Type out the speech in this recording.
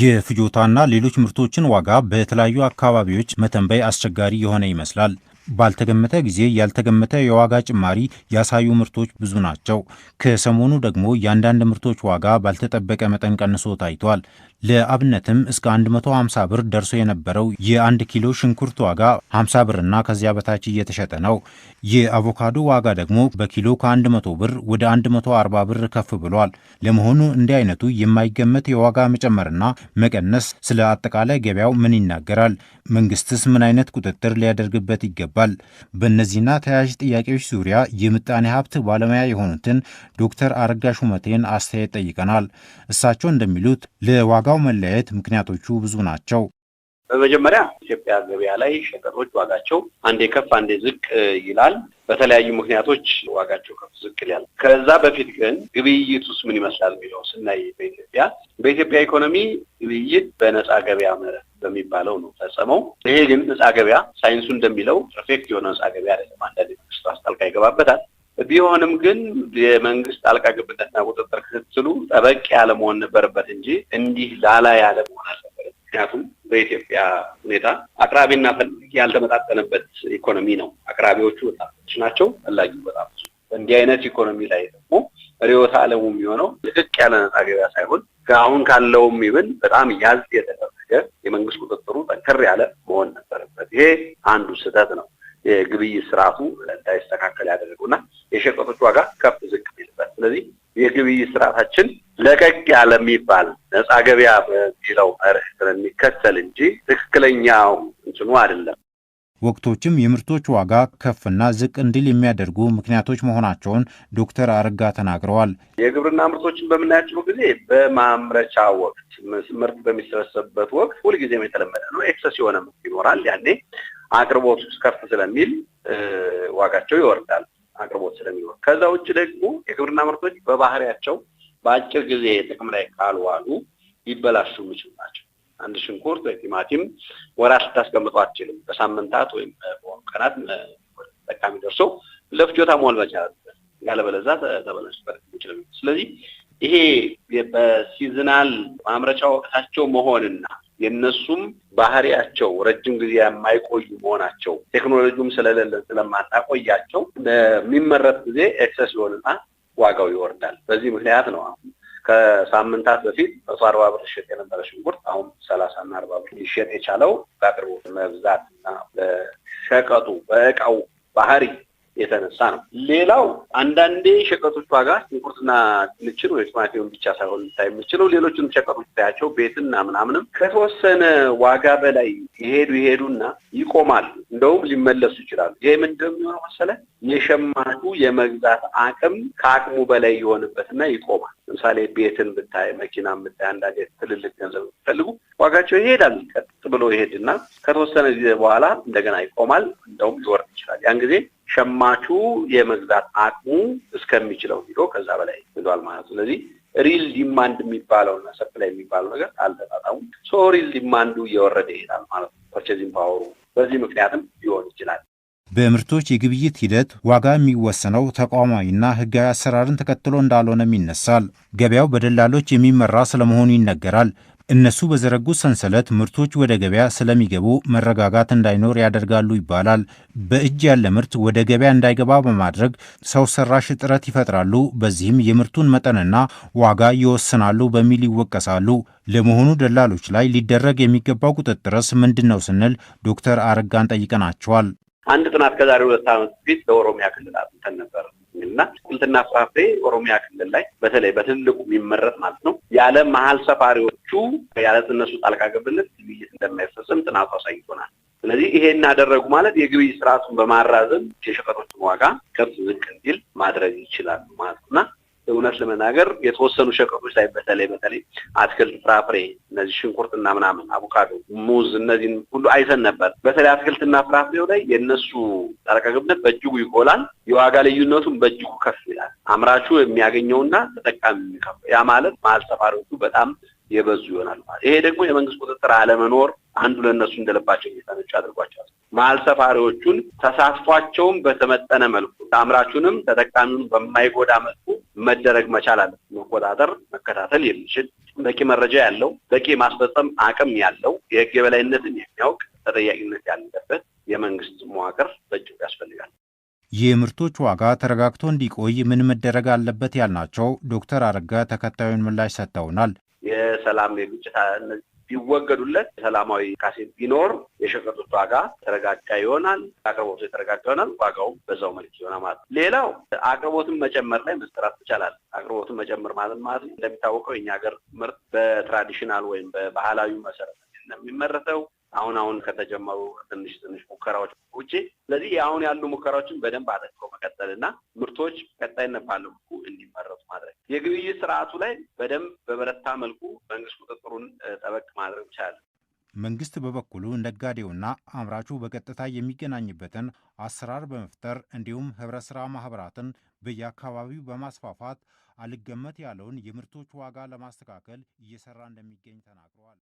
የፍጆታና ሌሎች ምርቶችን ዋጋ በተለያዩ አካባቢዎች መተንበይ አስቸጋሪ የሆነ ይመስላል። ባልተገመተ ጊዜ ያልተገመተ የዋጋ ጭማሪ ያሳዩ ምርቶች ብዙ ናቸው። ከሰሞኑ ደግሞ የአንዳንድ ምርቶች ዋጋ ባልተጠበቀ መጠን ቀንሶ ታይቷል። ለአብነትም እስከ 150 ብር ደርሶ የነበረው የአንድ ኪሎ ሽንኩርት ዋጋ 50 ብርና ከዚያ በታች እየተሸጠ ነው። የአቮካዶ ዋጋ ደግሞ በኪሎ ከ100 ብር ወደ 140 ብር ከፍ ብሏል። ለመሆኑ እንዲህ አይነቱ የማይገመት የዋጋ መጨመርና መቀነስ ስለ አጠቃላይ ገበያው ምን ይናገራል? መንግስትስ ምን አይነት ቁጥጥር ሊያደርግበት ይገባል? በእነዚህና ተያያዥ ጥያቄዎች ዙሪያ የምጣኔ ሀብት ባለሙያ የሆኑትን ዶክተር አረጋ ሹመቴን አስተያየት ጠይቀናል። እሳቸው እንደሚሉት ለዋጋ የዋጋው መለየት ምክንያቶቹ ብዙ ናቸው። በመጀመሪያ ኢትዮጵያ ገበያ ላይ ሸቀጦች ዋጋቸው አንዴ ከፍ አንዴ ዝቅ ይላል። በተለያዩ ምክንያቶች ዋጋቸው ከፍ ዝቅ ይላል። ከዛ በፊት ግን ግብይቱስ ውስጥ ምን ይመስላል የሚለው ስናይ በኢትዮጵያ በኢትዮጵያ ኢኮኖሚ ግብይት በነፃ ገበያ መርህ በሚባለው ነው ፈጸመው። ይሄ ግን ነፃ ገበያ ሳይንሱ እንደሚለው ፐርፌክት የሆነ ነፃ ገበያ አይደለም። አንዳንድ መንግስት ጣልቃ ይገባበታል። ቢሆንም ግን የመንግስት ጣልቃ ገብነትና ቁጥጥር ክትትሉ ጠበቅ ያለ መሆን ነበረበት እንጂ እንዲህ ላላ ያለ መሆን አልነበረ። ምክንያቱም በኢትዮጵያ ሁኔታ አቅራቢና ፈላጊ ያልተመጣጠነበት ኢኮኖሚ ነው። አቅራቢዎቹ ወጣቶች ናቸው፣ ፈላጊው በጣም ብዙ። በእንዲህ አይነት ኢኮኖሚ ላይ ደግሞ ርዕዮተ ዓለሙ የሚሆነው ልቅቅ ያለ ነጻ ገበያ ሳይሆን አሁን ካለውም ይብን በጣም ያዝ የተደረገ የመንግስት ቁጥጥሩ ጠንከር ያለ መሆን ነበረበት። ይሄ አንዱ ስህተት ነው የግብይት ስርዓቱ እንዳይስተካከል ያደረገውና የሸቀጦች ዋጋ ከፍ ዝቅ ይልበት። ስለዚህ የግብይት ስርዓታችን ለቀቅ ያለ የሚባል ነጻ ገበያ በሚለው መርህ ስለሚከተል እንጂ ትክክለኛው እንትኑ አይደለም። ወቅቶችም የምርቶች ዋጋ ከፍና ዝቅ እንዲል የሚያደርጉ ምክንያቶች መሆናቸውን ዶክተር አረጋ ተናግረዋል። የግብርና ምርቶችን በምናያቸው ጊዜ በማምረቻ ወቅት ምርት በሚሰበሰብበት ወቅት ሁልጊዜም የተለመደ ነው። ኤክሰስ የሆነ ምርት ይኖራል። ያኔ አቅርቦት ከፍ ስለሚል ዋጋቸው ይወርዳል። አቅርቦት ስለሚኖር፣ ከዛ ውጭ ደግሞ የግብርና ምርቶች በባህሪያቸው በአጭር ጊዜ ጥቅም ላይ ካልዋሉ ሊበላሹ የሚችሉ ናቸው። አንድ ሽንኩርት ወይ ቲማቲም ወራት ልታስቀምጠው አትችልም። በሳምንታት ወይም በሆኑ ቀናት ጠቃሚ ደርሶ ለፍጆታ መሆን መቻል ያለበለዛ ያለበለዚያ ተበላሽበት ይችላል። ስለዚህ ይሄ በሲዝናል ማምረቻ ወቅታቸው መሆንና የእነሱም ባህሪያቸው ረጅም ጊዜ የማይቆዩ መሆናቸው ቴክኖሎጂውም ስለሌለን ስለማናቆያቸው በሚመረት ጊዜ ኤክሰስ ይሆንና ዋጋው ይወርዳል። በዚህ ምክንያት ነው አሁን ከሳምንታት በፊት መቶ አርባ ብር ይሸጥ የነበረ ሽንኩርት አሁን ሰላሳ እና አርባ ብር ሊሸጥ የቻለው በአቅርቦት መብዛት እና በሸቀጡ በእቃው ባህሪ የተነሳ ነው። ሌላው አንዳንዴ ሸቀጦች ዋጋ ሽንኩርትና ድንችን ወይ ቲማቲም ብቻ ሳይሆን ልታይ የምችለው ሌሎችን ሸቀጦች ታያቸው ቤትና ምናምንም ከተወሰነ ዋጋ በላይ ይሄዱ ይሄዱና ይቆማሉ። እንደውም ሊመለሱ ይችላሉ። ይሄ ምንድን የሚሆነው መሰለ የሸማቹ የመግዛት አቅም ከአቅሙ በላይ የሆነበትና ይቆማል። ለምሳሌ ቤትን ብታይ፣ መኪና ብታይ፣ አንዳንዴ ትልልቅ ገንዘብ ፈልጉ ዋጋቸው ይሄዳል። ቀጥ ብሎ ይሄድና ከተወሰነ ጊዜ በኋላ እንደገና ይቆማል። እንደውም ሊወርድ ይችላል። ያን ጊዜ ሸማቹ የመግዛት አቅሙ እስከሚችለው ሂዶ ከዛ በላይ ሄዷል ማለት ነው። ስለዚህ ሪል ዲማንድ የሚባለው እና ሰፕላይ የሚባለው ነገር አልተጣጣሙም። ሶ ሪል ዲማንዱ እየወረደ ይሄዳል ማለት ነው፣ ፐርቼዚንግ ፓወሩ። በዚህ ምክንያትም ሊሆን ይችላል። በምርቶች የግብይት ሂደት ዋጋ የሚወሰነው ተቋማዊና ሕጋዊ አሰራርን ተከትሎ እንዳልሆነም ይነሳል። ገበያው በደላሎች የሚመራ ስለመሆኑ ይነገራል። እነሱ በዘረጉት ሰንሰለት ምርቶች ወደ ገበያ ስለሚገቡ መረጋጋት እንዳይኖር ያደርጋሉ ይባላል። በእጅ ያለ ምርት ወደ ገበያ እንዳይገባ በማድረግ ሰው ሰራሽ እጥረት ይፈጥራሉ። በዚህም የምርቱን መጠንና ዋጋ ይወስናሉ በሚል ይወቀሳሉ። ለመሆኑ ደላሎች ላይ ሊደረግ የሚገባው ቁጥጥርስ ምንድን ነው ስንል ዶክተር አረጋን ጠይቀናቸዋል። አንድ ጥናት ከዛሬ ሁለት ዓመት በፊት በኦሮሚያ ክልል አጥንተን ነበር እና አትክልትና ፍራፍሬ ኦሮሚያ ክልል ላይ በተለይ በትልቁ የሚመረጥ ማለት ነው ያለ መሀል ሰፋሪዎቹ ያለ እነሱ ጣልቃ ገብነት ግብይት እንደማይፈጽም ጥናቱ አሳይቶናል። ስለዚህ ይሄ እናደረጉ ማለት የግብይት ስርዓቱን በማራዘም የሸቀጦችን ዋጋ ከፍ ዝቅ እንዲል ማድረግ ይችላሉ ማለት እና እውነት ለመናገር የተወሰኑ ሸቀጦች ላይ በተለይ በተለይ አትክልት፣ ፍራፍሬ እነዚህ ሽንኩርትና ምናምን፣ አቮካዶ፣ ሙዝ እነዚህን ሁሉ አይተን ነበር። በተለይ አትክልትና ፍራፍሬው ላይ የእነሱ ጣልቃ ገብነት በእጅጉ ይጎላል። የዋጋ ልዩነቱን በእጅጉ ከፍ ይላል። አምራቹ የሚያገኘውና ተጠቃሚ የሚከፍ ያ ማለት መሀል ሰፋሪዎቹ በጣም የበዙ ይሆናል። ይሄ ደግሞ የመንግስት ቁጥጥር አለመኖር አንዱ ለእነሱ እንደልባቸው እየተነጩ አድርጓቸዋል። መሀል ሰፋሪዎቹን ተሳትፏቸውም በተመጠነ መልኩ አምራቹንም ተጠቃሚውን በማይጎዳ መልኩ መደረግ መቻል አለ። መቆጣጠር መከታተል የሚችል በቂ መረጃ ያለው በቂ ማስፈጸም አቅም ያለው የህግ የበላይነትን የሚያውቅ ተጠያቂነት ያለበት የመንግስት መዋቅር በእጅጉ ያስፈልጋል። የምርቶች ዋጋ ተረጋግቶ እንዲቆይ ምን መደረግ አለበት ያልናቸው ዶክተር አረጋ ተከታዩን ምላሽ ሰጥተውናል። የሰላም የግጭት ይወገዱለት ሰላማዊ ካሴ ቢኖር የሸቀጡት ዋጋ ተረጋጋ ይሆናል፣ አቅርቦቱ የተረጋጋ ይሆናል፣ ዋጋውም በዛው መልክ ይሆናል ማለት ነው። ሌላው አቅርቦትን መጨመር ላይ መስራት ይቻላል። አቅርቦትን መጨመር ማለት ማለት እንደሚታወቀው የኛ ሀገር ምርት በትራዲሽናል ወይም በባህላዊ መሰረት እንደሚመረተው አሁን አሁን ከተጀመሩ ትንሽ ትንሽ ሙከራዎች ውጭ ስለዚህ አሁን ያሉ ሙከራዎችን በደንብ አጠቅሮ መቀጠል እና ምርቶች ቀጣይነት ባለው የግብይት ስርዓቱ ላይ በደንብ በበረታ መልኩ መንግስት ቁጥጥሩን ጠበቅ ማድረግ ቻለ። መንግስት በበኩሉ ነጋዴውና አምራቹ በቀጥታ የሚገናኝበትን አሰራር በመፍጠር እንዲሁም ህብረት ማህበራትን በየአካባቢው በማስፋፋት አልገመት ያለውን የምርቶች ዋጋ ለማስተካከል እየሰራ እንደሚገኝ ተናግረዋል።